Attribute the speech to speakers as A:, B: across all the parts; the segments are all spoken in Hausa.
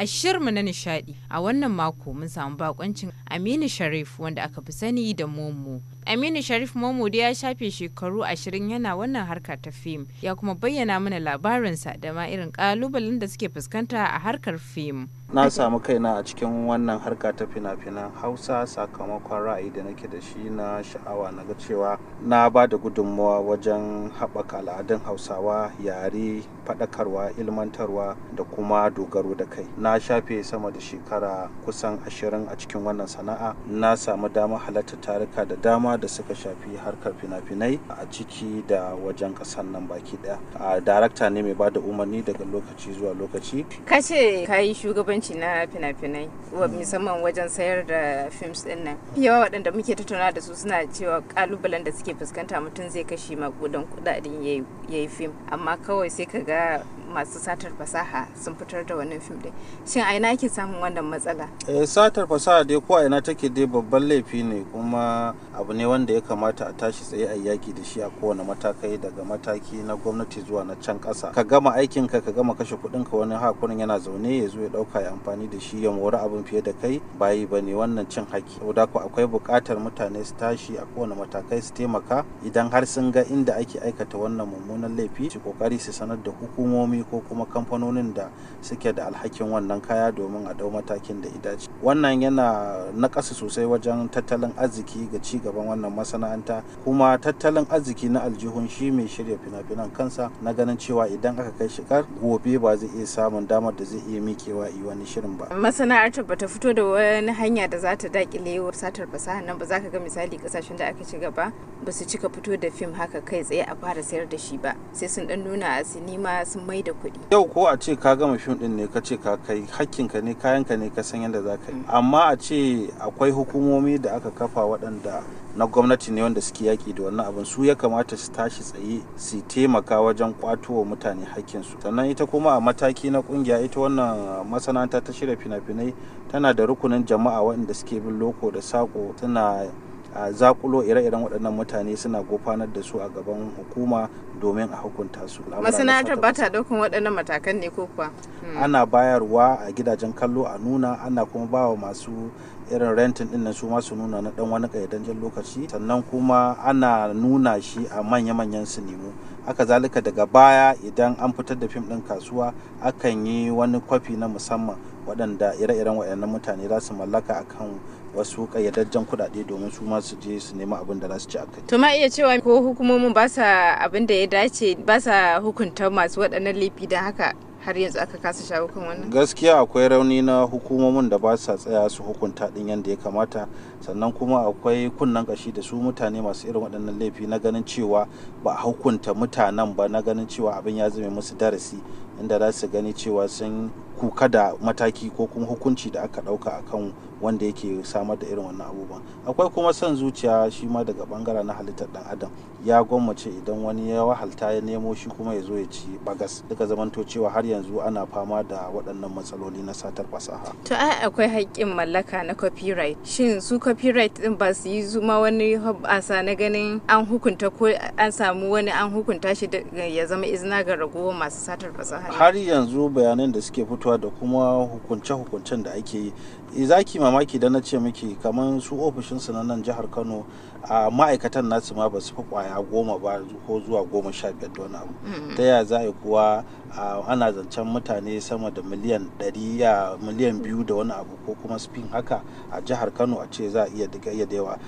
A: a shirmu na nishadi a wannan mako mun samu bakoncin aminu sharif wanda aka fi sani da momo aminu sharif momo da ya shafe shekaru ashirin yana wannan harka ta fim ya kuma bayyana mana labarinsa da ma irin kalubalen da suke fuskanta a harkar fim na
B: samu kaina a cikin wannan harka ta fina-finan hausa sakamakon ra'ayi da nake da shi na sha'awa na ga cewa na ba da gudunmawa wajen haɓaka al'adun hausawa yare faɗakarwa ilmantarwa da kuma dogaro da kai na shafe sama da shekara kusan ashirin a cikin wannan sana'a na samu dama halarta tarika da dama da suka shafi harkar fina-finai a ciki da wajen ƙasar nan baki ɗaya a darakta ne mai ba da umarni daga lokaci zuwa lokaci
A: kace ka yi shugaban kasuwanci na fina-finai musamman wajen sayar da films din nan yawa waɗanda muke tattauna da su suna cewa kalubalen da suke fuskanta mutum zai kashe makudan kudaden ya yi fim amma kawai sai ka ga masu satar fasaha sun fitar da wannan fim din shin a ina ke samun wannan matsala
B: eh satar fasaha dai ko a ina take dai babban laifi ne kuma abu ne wanda ya kamata a tashi tsaye a yaki da shi a kowane matakai daga mataki na gwamnati zuwa na can ƙasa ka gama aikin ka ka gama kashe kuɗin ka wani hakurin yana zaune ya zo ya ɗauka ya amfani da shi ya mori abin fiye da kai bayi ba ne wannan cin haki saboda ku akwai buƙatar mutane su tashi a kowane matakai su taimaka idan har sun ga inda ake aikata wannan mummunan laifi su kokari su sanar da hukumomi hukumomi ko kuma kamfanonin da suke da alhakin wannan kaya domin a dau matakin da idace wannan yana nakasa sosai wajen tattalin arziki ga ci gaban wannan masana'anta kuma tattalin arziki na aljihun shi mai shirya fina-finan kansa na ganin cewa idan aka kai shigar gobe ba zai iya samun damar da zai iya mikewa yi wani shirin ba
A: masana'antar bata fito da wani hanya da za ta dakile satar fasaha nan ba za ka ga misali kasashen da aka ci gaba ba su cika fito da fim haka kai tsaye a fara sayar da shi ba sai sun dan nuna a sinima sun mai da kuɗi.
B: Yau ko a ce ka gama fim ɗin ne ka ce ka kai hakkinka ne kayanka ne ka san yadda za ka yi. Mm. Amma a ce akwai hukumomi da aka kafa waɗanda na gwamnati ne wanda suke yaƙi da wannan abin su ya kamata su tashi tsaye su taimaka wajen wa mutane hakkinsu sannan ita kuma a mataki na kungiya ita wannan masana'anta ta shirya fina-finai tana da rukunin jama'a waɗanda suke bin loko da sako tana a zakulo ire-iren waɗannan mutane suna gofanar da su a gaban hukuma domin a hukunta su masana'antar
A: ba ta ɗaukan waɗannan matakan ne ko kuwa hmm.
B: ana bayarwa a gidajen kallo a nuna ana kuma bawa masu irin rentin ɗin su masu nuna na ɗan wani ƙayyadan lokaci sannan kuma ana nuna shi a manya-manyan sinimu haka zalika daga baya idan an fitar da fim din kasuwa akan yi wani kwafi na musamman waɗanda ire-iren waɗannan mutane za su mallaka akan wasu kayyadajjen kuɗaɗe domin su su je su nema abin da za su ci a kai.
A: To ma iya cewa ko hukumomin ba sa abin da ya dace ba sa hukunta masu waɗannan laifi da haka har yanzu aka kasa shawo kan wannan
B: gaskiya akwai rauni na hukumomin da ba sa tsaya su hukunta din yadda ya kamata sannan kuma akwai kunnan kashi da su mutane masu irin waɗannan laifi na ganin cewa ba a hukunta mutanen ba na ganin cewa abin ya zame musu darasi inda za su gani cewa sun kuka da mataki ko kuma hukunci da aka ɗauka akan wanda yake samar da irin wannan abubuwan akwai kuma son zuciya shi ma daga bangaren na halittar dan adam ya gwammace idan wani ya wahalta ya nemo shi kuma ya zo ya ci bagas duka zamanto cewa har yanzu ana fama da waɗannan matsaloli na satar fasaha
A: to ai akwai haƙƙin mallaka na copyright shin su copyright din ba su yi zuma wani asa na ganin an hukunta ko an samu wani an hukunta shi ya zama izina ga ragowar masu satar fasaha
B: har yanzu bayanan da suke fitowa da kuma hukunce-hukuncen da ake yi Eh, za ki mamaki da na ce miki kamar su ofishinsu na nan jihar kano a ma'aikatan nasu ma ba su fi kwaya goma ba ko zuwa goma sha biyar da wani abu ta yaya za a kuwa ana zancen mutane sama da miliyan ɗari ya miliyan biyu da wani abu ko kuma spin haka a jihar kano a ce za a iya duka iya da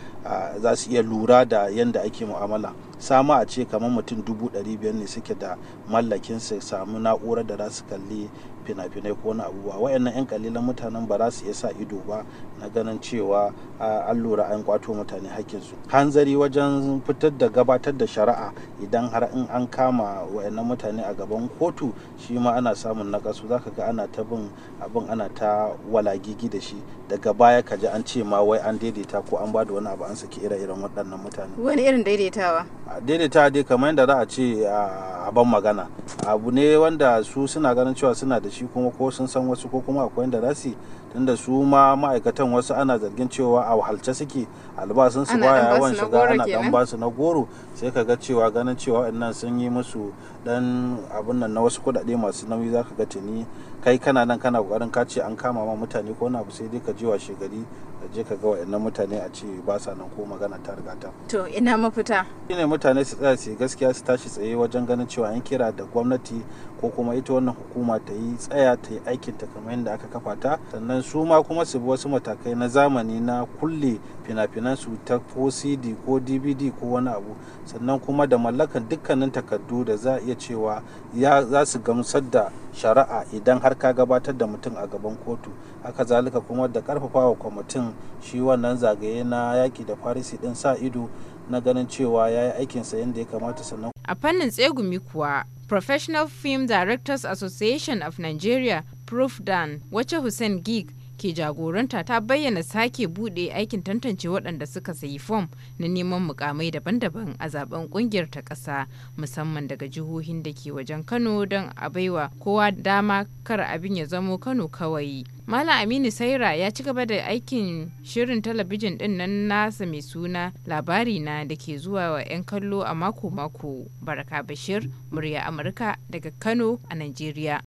B: za su iya lura da yadda ake mu'amala sama a ce kamar mutum dubu ɗari biyar ne suke da mallakin su samu na'urar da za su kalli fina-finai ko wani abubuwa wayannan 'yan kalilan mutanen ba za su iya sa ido ba na ganin cewa an lura an kwato mutane hakkinsu hanzari wajen fitar da gabatar da shari'a idan har in an kama wayannan mutane a gaban kotu shi ma ana samun nakasu ka ga ana ta bin abin ana ta walagigi da shi daga baya ka ji an ce ma wai an daidaita ko an ba da wani abu an saki ire-iren waɗannan mutane
A: wani irin daidaitawa
B: daidaitawa dai kamar yadda za a ce a ban magana abu ne wanda su suna ganin cewa suna da shi kuma ko sun san wasu ko kuma akwai da rasi tunda su ma ma'aikatan wasu ana zargin cewa a wahalce suke albasin su baya yawan shiga ana dan basu na goro sai ka ga cewa ganin cewa wannan sun yi musu dan abun nan na wasu kuɗaɗe masu nauyi zaka ga tuni kai kana nan kana kokarin ka ce an kama ma mutane ko na abu sai dai ka je washe gari a je ka ga waɗannan mutane a ce ba sa nan ko magana ta riga ta
A: to ina mafita
B: ne mutane su tsaya su gaskiya su tashi tsaye wajen ganin cewa an kira da gwamnati ko kuma ita wannan hukuma ta yi tsaya ta yi aikin ta kamar yadda aka kafa ta sannan su ma kuma su bi wasu matakai na zamani na kulle fina-finan su ta ko cd ko dvd ko wani abu sannan kuma da mallakan dukkanin takardu da za a iya cewa za su gamsar da shari'a idan har ka gabatar da mutum a gaban kotu haka zalika kuma da wa kwamitin shi wannan zagaye na yaki da farisi din sa ido na ganin cewa ya yi aikinsa yadda ya kamata sannan
A: a fannin tsegumi kuwa professional film directors association of nigeria proof dan wace hussein gig ke jagoranta ta bayyana sake bude aikin tantance waɗanda suka sayi fom na neman mukamai daban-daban a zaben kungiyar ta ƙasa musamman daga jihohin da ke wajen Kano don a baiwa kowa dama kar abin ya zamo Kano kawai. Malam Aminu Saira ya ci gaba da aikin shirin talabijin din nan nasa mai suna labari na da ke zuwa wa 'yan kallo a mako-mako. Baraka Bashir, murya Amurka daga Kano a nigeria.